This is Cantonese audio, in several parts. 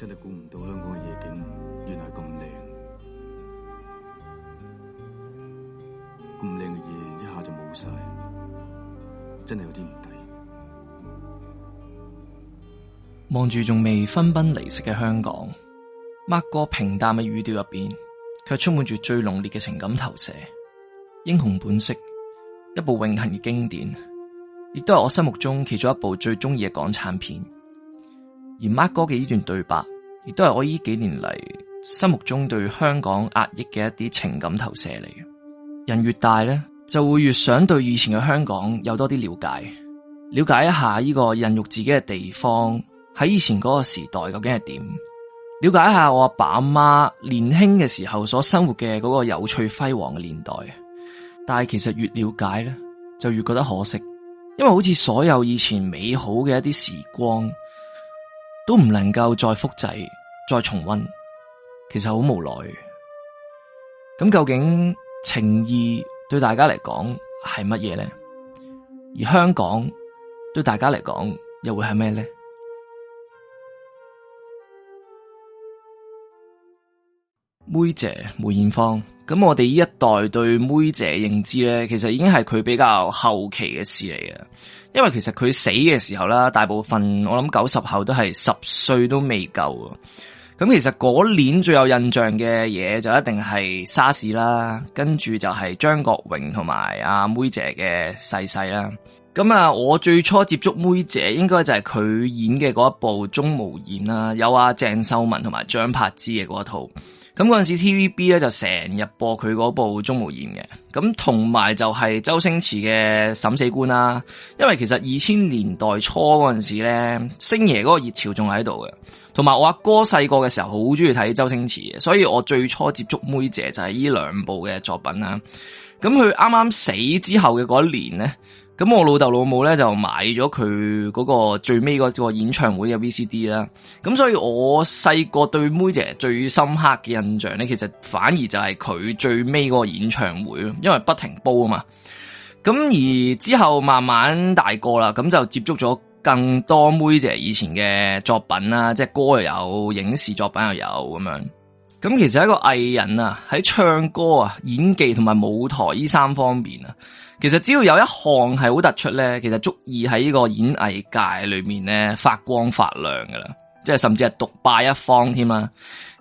真係估唔到香港嘅夜景原來咁靚，咁靚嘅夜一下就冇晒，真係有啲唔抵。望住仲未分崩離析嘅香港，Mark 哥平淡嘅語調入邊，卻充滿住最濃烈嘅情感投射。英雄本色一部永恒嘅經典，亦都係我心目中其中一部最鍾意嘅港產片。而 Mark 哥嘅呢段對白，亦都係我呢幾年嚟心目中對香港壓抑嘅一啲情感投射嚟嘅。人越大咧，就會越想對以前嘅香港有多啲了解，了解一下呢個孕育自己嘅地方喺以前嗰個時代究竟係點，了解一下我阿爸阿媽年輕嘅時候所生活嘅嗰個有趣輝煌嘅年代。但係其實越了解咧，就越覺得可惜，因為好似所有以前美好嘅一啲時光。都唔能夠再複製、再重溫，其實好無奈。咁究竟情意對大家嚟講係乜嘢呢？而香港對大家嚟講又會係咩呢？妹姐梅艷芳。咁我哋呢一代對妹姐認知咧，其實已經係佢比較後期嘅事嚟嘅，因為其實佢死嘅時候啦，大部分我諗九十後都係十歲都未夠。咁其實嗰年最有印象嘅嘢，就一定係沙士啦，跟住就係張國榮同埋阿妹姐嘅逝世，世啦。咁啊，我最初接觸妹姐應該就係佢演嘅嗰一部《鍾無艷》啦，有啊，鄭秀文同埋張柏芝嘅嗰套。咁嗰陣時，T V B 咧就成日播佢嗰部《鍾無艷》嘅，咁同埋就係周星馳嘅《審死官》啦。因為其實二千年代初嗰陣時咧，星爺嗰個熱潮仲喺度嘅，同埋我阿哥細個嘅時候好中意睇周星馳嘅，所以我最初接觸妹姐就係呢兩部嘅作品啦。咁佢啱啱死之後嘅嗰一年咧。咁我老豆老母咧就買咗佢嗰個最尾嗰個演唱會嘅 VCD 啦，咁所以我細個對梅姐最深刻嘅印象咧，其實反而就係佢最尾嗰個演唱會，因為不停煲啊嘛。咁而之後慢慢大個啦，咁就接觸咗更多梅姐以前嘅作品啦，即係歌又有，影視作品又有咁樣。咁其實一個藝人啊，喺唱歌啊、演技、同埋舞台呢三方面啊。其實只要有一項係好突出咧，其實足以喺呢個演藝界裏面咧發光發亮噶啦，即係甚至係獨霸一方添啊！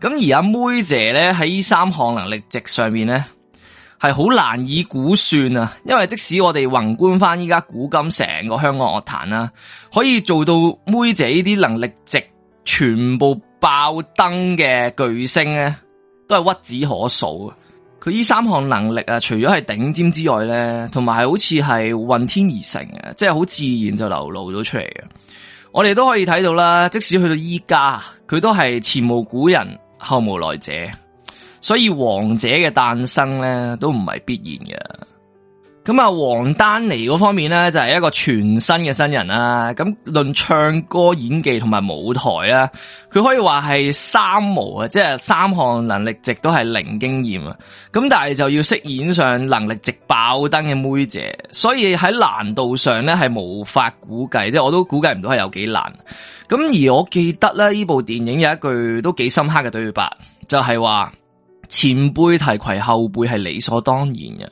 咁而阿妹姐咧喺呢三項能力值上面咧，係好難以估算啊！因為即使我哋宏觀翻依家古今成個香港樂壇啦，可以做到妹姐呢啲能力值全部爆燈嘅巨星咧，都係屈指可數。佢依三項能力啊，除咗係頂尖之外咧，同埋係好似係混天而成嘅，即係好自然就流露咗出嚟嘅。我哋都可以睇到啦，即使去到依家，佢都係前無古人後無來者，所以王者嘅誕生咧都唔係必然嘅。咁啊，王丹妮嗰方面呢，就係、是、一個全新嘅新人啦、啊。咁論唱歌、演技同埋舞台啊，佢可以話係三無啊，即係三項能力值都係零經驗啊。咁但係就要飾演上能力值爆燈嘅梅姐，所以喺難度上呢，係無法估計，即係我都估計唔到係有幾難。咁而我記得咧呢部電影有一句都幾深刻嘅對白，就係、是、話前輩提攜後輩係理所當然嘅。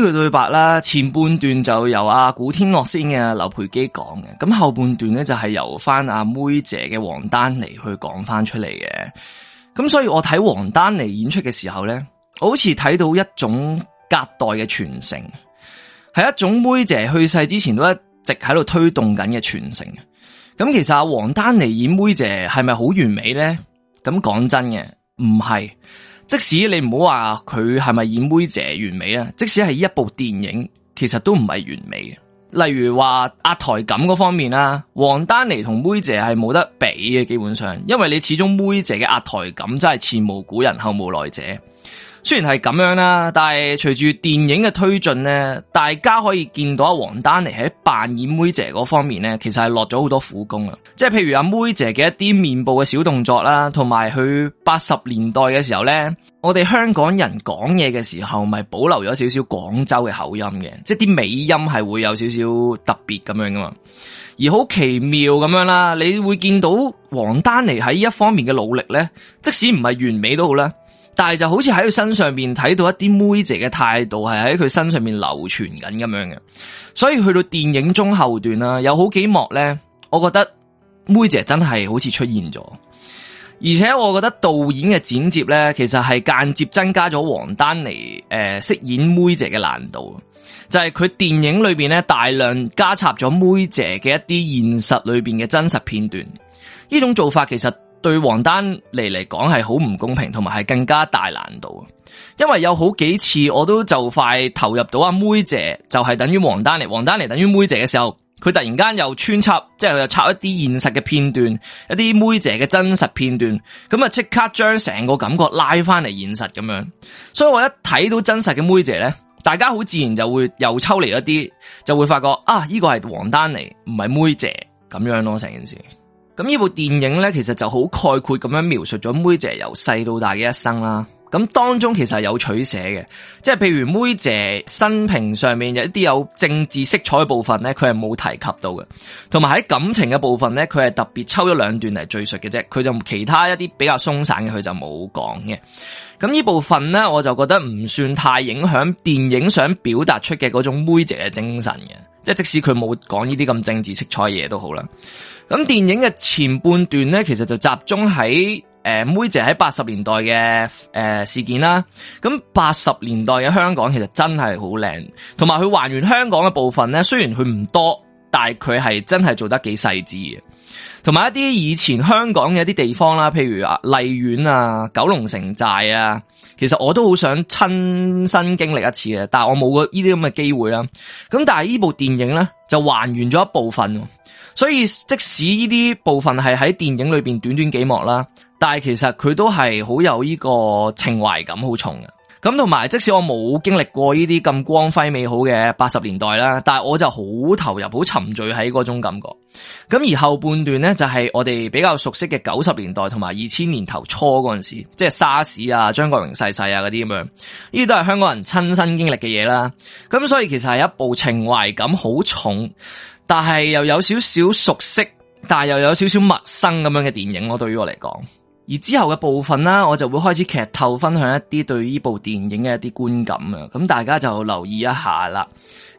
呢句對白啦，前半段就由阿古天樂先嘅劉培基講嘅，咁後半段咧就係由翻阿妹姐嘅王丹妮去講翻出嚟嘅。咁所以我睇王丹妮演出嘅時候咧，好似睇到一種隔代嘅傳承，係一種妹姐去世之前都一直喺度推動緊嘅傳承。咁其實阿王丹妮演妹姐係咪好完美咧？咁講真嘅，唔係。即使你唔好話佢係咪演妹姐完美啊，即使係一部電影，其實都唔係完美嘅。例如話壓台感嗰方面啦，王丹妮同妹姐係冇得比嘅，基本上，因為你始終妹姐嘅壓台感真係前無古人後無來者。雖然係咁樣啦，但係隨住電影嘅推進咧，大家可以見到阿王丹妮喺扮演妹姐嗰方面咧，其實係落咗好多苦功啊！即係譬如阿妹姐嘅一啲面部嘅小動作啦，同埋佢八十年代嘅時候咧，我哋香港人講嘢嘅時候，咪保留咗少少廣州嘅口音嘅，即係啲尾音係會有少少特別咁樣噶嘛。而好奇妙咁樣啦，你會見到王丹妮喺呢一方面嘅努力咧，即使唔係完美都好啦。但係就好似喺佢身上邊睇到一啲妹姐嘅態度，係喺佢身上面流傳緊咁樣嘅，所以去到電影中後段啦、啊，有好幾幕咧，我覺得妹姐真係好似出現咗，而且我覺得導演嘅剪接咧，其實係間接增加咗王丹妮誒飾、呃、演妹姐嘅難度，就係佢電影裏邊咧大量加插咗妹姐嘅一啲現實裏邊嘅真實片段，呢種做法其實。對王丹妮嚟講係好唔公平，同埋係更加大難度。因為有好幾次我都就快投入到阿妹姐，就係等於王丹妮，王丹妮等於妹姐嘅時候，佢突然間又穿插，即係又插一啲現實嘅片段，一啲妹姐嘅真實片段，咁啊即刻將成個感覺拉翻嚟現實咁樣。所以我一睇到真實嘅妹姐呢，大家好自然就會又抽離一啲，就會發覺啊，呢、呢個係王丹妮，唔係妹姐咁樣咯，成件事。咁呢部電影呢，其實就好概括咁樣描述咗梅姐由細到大嘅一生啦。咁當中其實有取捨嘅，即係譬如梅姐生平上面有一啲有政治色彩嘅部分呢，佢係冇提及到嘅。同埋喺感情嘅部分呢，佢係特別抽咗兩段嚟敘述嘅啫，佢就其他一啲比較鬆散嘅，佢就冇講嘅。咁呢部分呢，我就覺得唔算太影響電影想表達出嘅嗰種梅姐嘅精神嘅，即係即使佢冇講呢啲咁政治色彩嘢都好啦。咁電影嘅前半段咧，其實就集中喺誒、呃、妹姐喺八十年代嘅誒、呃、事件啦。咁八十年代嘅香港其實真係好靚，同埋佢還原香港嘅部分咧，雖然佢唔多，但係佢係真係做得幾細緻嘅。同埋一啲以前香港嘅一啲地方啦，譬如啊荔苑啊、九龍城寨啊，其實我都好想親身經歷一次嘅，但係我冇過呢啲咁嘅機會啦。咁但係呢部電影咧，就還原咗一部分。所以即使呢啲部分係喺電影裏邊短短幾幕啦，但係其實佢都係好有呢個情懷感好重嘅。咁同埋即使我冇經歷過呢啲咁光輝美好嘅八十年代啦，但係我就好投入、好沉醉喺嗰種感覺。咁而後半段咧就係我哋比較熟悉嘅九十年代同埋二千年頭初嗰陣時，即係沙士啊、張國榮逝世啊嗰啲咁樣，呢啲都係香港人親身經歷嘅嘢啦。咁所以其實係一部情懷感好重，但係又有少少熟悉，但係又有少少陌生咁樣嘅電影咯，對於我嚟講。而之後嘅部分啦，我就會開始劇透，分享一啲對呢部電影嘅一啲觀感啊，咁大家就留意一下啦。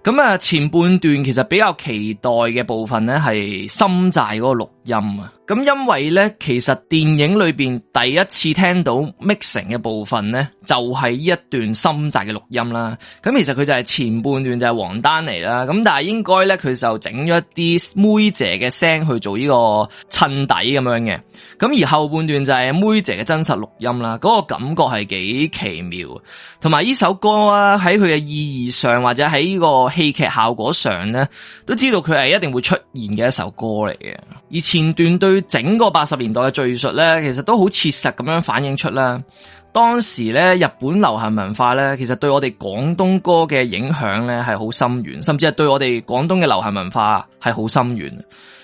咁啊，前半段其實比較期待嘅部分咧，係心債嗰個錄音啊。咁因為咧，其實電影裏邊第一次聽到 mix 嘅部分咧，就係呢一段心債嘅錄音啦。咁其實佢就係前半段就係黃丹妮啦。咁但係應該咧，佢就整咗一啲妹姐嘅聲去做呢個襯底咁樣嘅。咁而後半段就係妹姐嘅真實錄音啦。嗰個感覺係幾奇妙，同埋呢首歌啊，喺佢嘅意義上或者喺呢個。戲劇效果上呢，都知道佢係一定會出現嘅一首歌嚟嘅。而前段對整個八十年代嘅敘述呢，其實都好切實咁樣反映出啦。當時呢，日本流行文化呢，其實對我哋廣東歌嘅影響呢，係好深遠，甚至係對我哋廣東嘅流行文化係好深遠。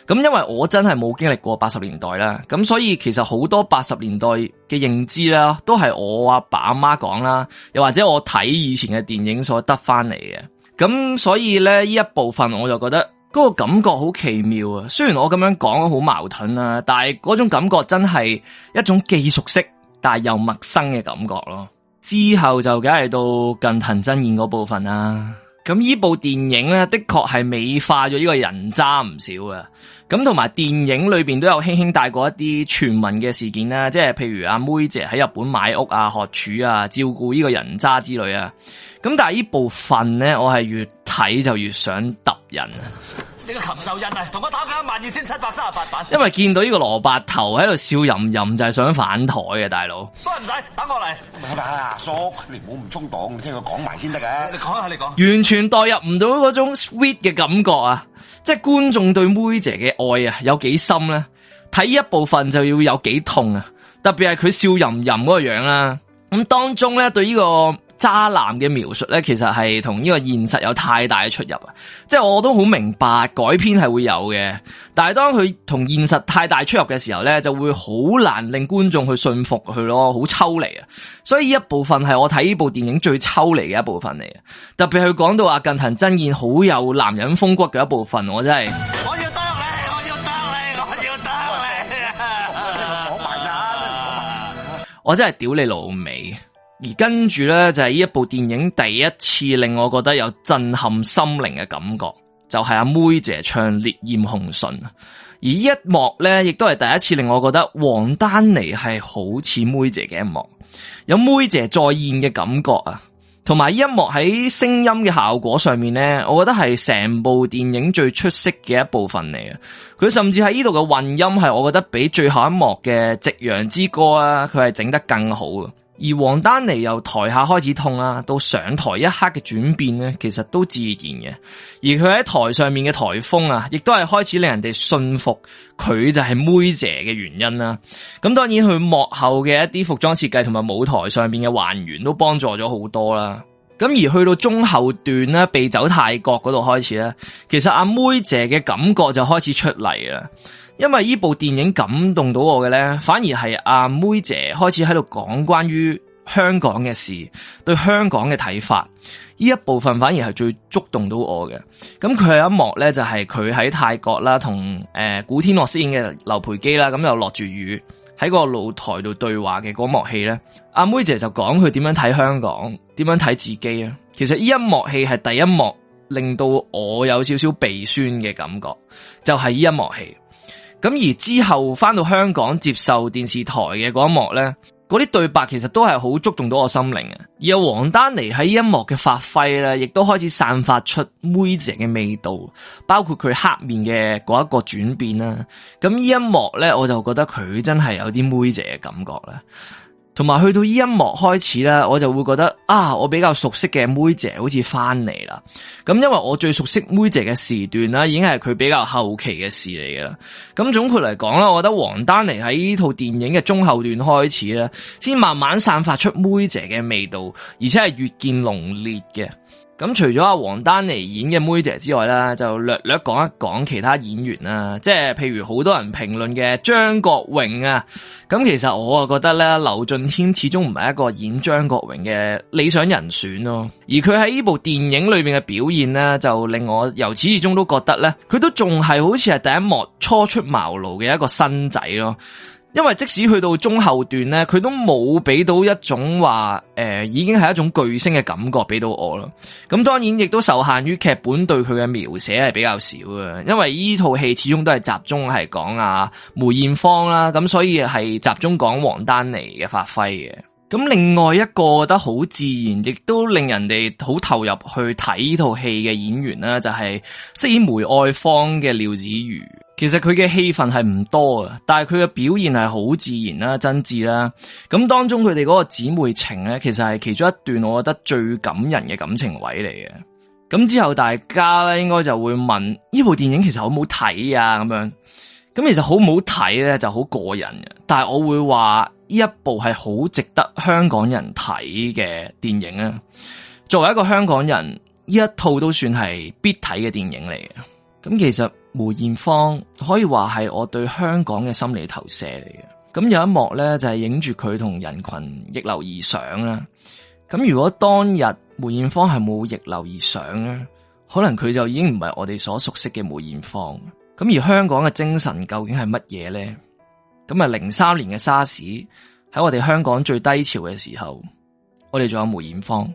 咁因為我真係冇經歷過八十年代啦，咁所以其實好多八十年代嘅認知啦，都係我阿爸阿媽講啦，又或者我睇以前嘅電影所得翻嚟嘅。咁所以咧，呢一部分我就覺得嗰個感覺好奇妙啊！雖然我咁樣講好矛盾啊，但係嗰種感覺真係一種既熟悉但又陌生嘅感覺咯，啊。之後就梗係到近藤真彥嗰部分啦，啊。咁呢部電影咧，的確係美化咗呢個人渣唔少啊。咁同埋電影裏邊都有輕輕帶過一啲傳聞嘅事件啦，即係譬如阿妹姐喺日本買屋啊、學廚啊、照顧呢個人渣之類啊，咁但係呢部分咧，我係越睇就越想揼人。呢個禽獸人啊，同我打緊一萬二千七百三十八品。因為見到呢個蘿蔔頭喺度笑吟吟，就係想反台啊，大佬。都係唔使打過嚟。阿叔，你唔好唔充檔，聽佢講埋先得㗎。你講下，你講。完全代入唔到嗰種 sweet 嘅感覺啊！即係觀眾對妹姐嘅愛啊，有幾深咧？睇一部分就要有幾痛別吞吞啊！特別係佢笑吟吟嗰個樣啦。咁當中咧，對呢個。渣男嘅描述咧，其實係同呢個現實有太大嘅出入啊！即係我都好明白改編係會有嘅，但係當佢同現實太大出入嘅時候咧，就會好難令觀眾去信服佢咯，好抽離啊！所以呢一部分係我睇呢部電影最抽離嘅一部分嚟，特別佢講到阿近藤真彥好有男人風骨嘅一部分，我真係我要得你，我要得你，我要得你，講我， 我真係屌你老味。而跟住咧，就係呢一部電影第一次令我覺得有震撼心靈嘅感覺，就係阿梅姐唱《烈焰紅唇》。而呢一幕咧，亦都係第一次令我覺得王丹妮係好似梅姐嘅一幕，有梅姐再現嘅感覺啊。同埋呢一幕喺聲音嘅效果上面咧，我覺得係成部電影最出色嘅一部分嚟嘅。佢甚至喺呢度嘅混音係，我覺得比最後一幕嘅《夕陽之歌》啊，佢係整得更好啊。而王丹妮由台下開始痛啊，到上台一刻嘅轉變咧，其實都自然嘅。而佢喺台上面嘅台風啊，亦都係開始令人哋信服佢就係妹姐嘅原因啦。咁當然佢幕後嘅一啲服裝設計同埋舞台上面嘅還原都幫助咗好多啦。咁而去到中後段咧，避走泰國嗰度開始咧，其實阿妹姐嘅感覺就開始出嚟啦。因為呢部電影感動到我嘅咧，反而係阿妹姐開始喺度講關於香港嘅事，對香港嘅睇法，呢一部分反而係最觸動到我嘅。咁佢有一幕咧，就係佢喺泰國啦，同誒古天樂飾演嘅劉培基啦，咁又落住雨。喺個露台度對話嘅嗰幕戲咧，阿妹姐就講佢點樣睇香港，點樣睇自己啊！其實呢一幕戲係第一幕令到我有少少鼻酸嘅感覺，就係呢一幕戲。咁而之後翻到香港接受電視台嘅嗰一幕咧。嗰啲對白其實都係好觸動到我心靈啊！而王丹妮喺呢一幕嘅發揮咧，亦都開始散發出梅姐嘅味道，包括佢黑面嘅嗰一個轉變啦。咁呢一幕咧，我就覺得佢真係有啲梅姐嘅感覺啦。同埋去到呢一幕開始咧，我就會覺得啊，我比較熟悉嘅妹姐好似翻嚟啦。咁因為我最熟悉妹姐嘅時段啦，已經係佢比較後期嘅事嚟嘅。咁總括嚟講啦，我覺得王丹妮喺呢套電影嘅中後段開始咧，先慢慢散發出妹姐嘅味道，而且係越見濃烈嘅。咁除咗阿王丹妮演嘅妹姐之外啦，就略略講一講其他演員啦，即係譬如好多人評論嘅張國榮啊，咁其實我啊覺得咧，劉俊謙始終唔係一個演張國榮嘅理想人選咯，而佢喺呢部電影裏面嘅表現咧，就令我由始至終都覺得咧，佢都仲係好似係第一幕初出茅廬嘅一個新仔咯。因為即使去到中後段咧，佢都冇俾到一種話，誒、呃，已經係一種巨星嘅感覺俾到我咯。咁當然亦都受限於劇本對佢嘅描寫係比較少嘅，因為依套戲始終都係集中係講阿梅艷芳啦，咁所以係集中講王丹妮嘅發揮嘅。咁另外一個覺得好自然，亦都令人哋好投入去睇呢套戲嘅演員咧，就係、是、飾演梅愛芳嘅廖子妤。其實佢嘅戲份係唔多嘅，但係佢嘅表現係好自然啦、啊、真摯啦、啊。咁當中佢哋嗰個姊妹情咧，其實係其中一段我覺得最感人嘅感情位嚟嘅。咁之後大家咧，應該就會問呢部電影其實好唔好睇啊？咁樣，咁其實好唔好睇咧，就好個人嘅。但係我會話呢一部係好值得香港人睇嘅電影啊。作為一個香港人，呢一套都算係必睇嘅電影嚟嘅。咁其實。梅艷芳可以話係我對香港嘅心理投射嚟嘅，咁有一幕咧就係影住佢同人群逆流而上啦。咁如果當日梅艷芳係冇逆流而上咧，可能佢就已經唔係我哋所熟悉嘅梅艷芳。咁而香港嘅精神究竟係乜嘢咧？咁啊，零三年嘅沙士喺我哋香港最低潮嘅時候，我哋仲有梅艷芳。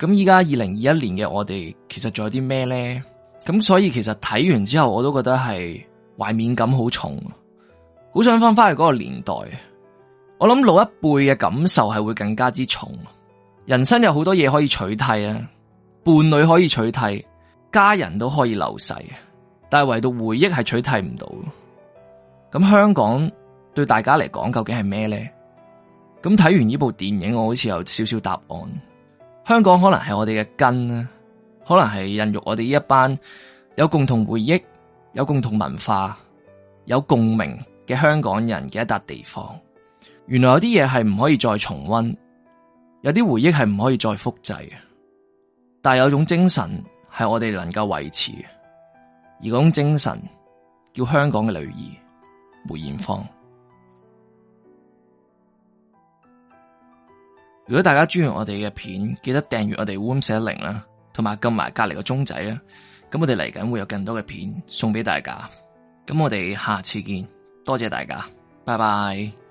咁依家二零二一年嘅我哋，其實仲有啲咩咧？咁所以其實睇完之後我都覺得係懷緬感好重，好想返返去嗰個年代。我諗老一輩嘅感受係會更加之重。人生有好多嘢可以取替啊，伴侶可以取替，家人都可以流逝，但係唯獨回憶係取替唔到。咁香港對大家嚟講究竟係咩咧？咁睇完呢部電影，我好似有少少答案。香港可能係我哋嘅根啦。可能係孕育我哋呢一班有共同回憶、有共同文化、有共鳴嘅香港人嘅一笪地方。原來有啲嘢係唔可以再重溫，有啲回憶係唔可以再複製嘅。但係有種精神係我哋能夠維持嘅，而嗰種精神叫香港嘅女兒梅艷芳。 如果大家鍾意我哋嘅片，記得訂閱我哋 r m 四一零啦。同埋撳埋隔籬個鐘仔啦，咁我哋嚟緊會有更多嘅片送畀大家，咁我哋下次見，多謝大家，拜拜。